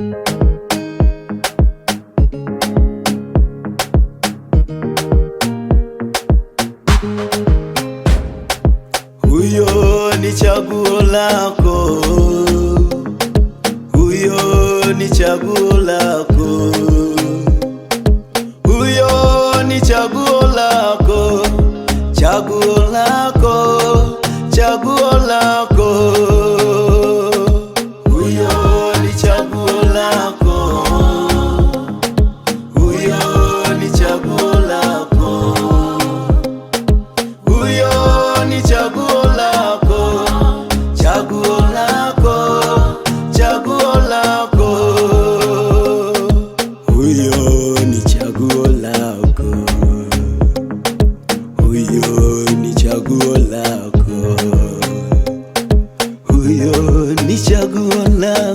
Huyo ni chaguo lako, huyo ni chaguo lako, huyo ni chaguo lako.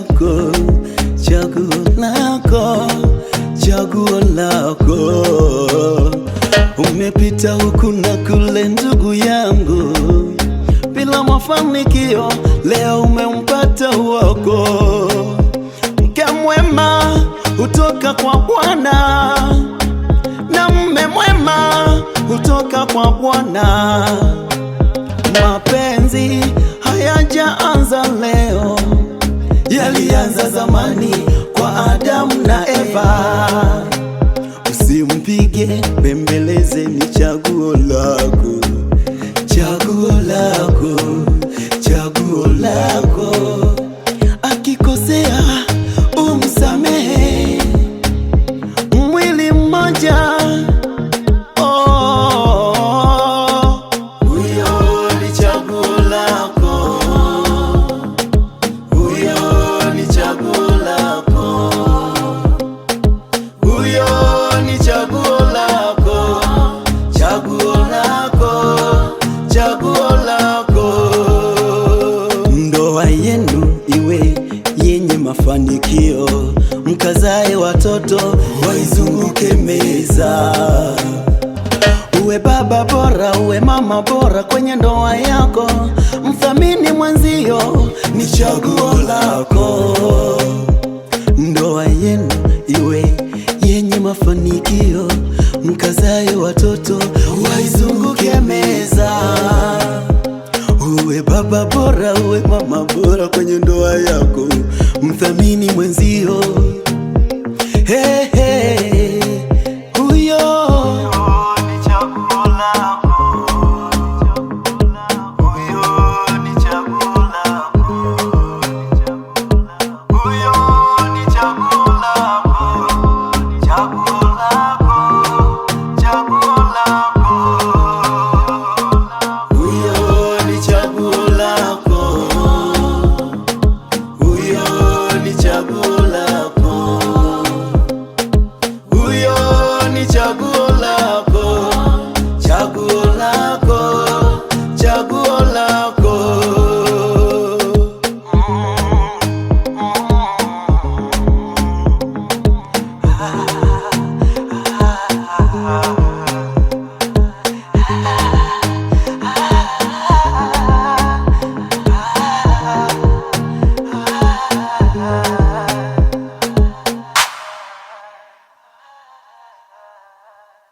lako, chaguo lako, chaguo lako. Umepita huku na kule, ndugu yangu, bila mafanikio, leo umempata wako. Mke mwema hutoka kwa Bwana na mme mwema hutoka kwa Bwana. Mapenzi hayajaanza leo za zamani kwa Adamu na Eva. Usimpige, bembeleze, ni chaguo lako, chaguo lako, chaguo lako. Akikosea umsamehe, mwili mmoja mafanikio, mkazae watoto waizunguke meza. Uwe baba bora, uwe mama bora kwenye ndoa yako, mthamini mwenzio, ni chaguo lako. Ndoa yenu iwe yenye mafanikio, mkazae watoto waizunguke meza. Uwe baba bora, uwe mama bora kwenye ndoa yako mthamini mwenzio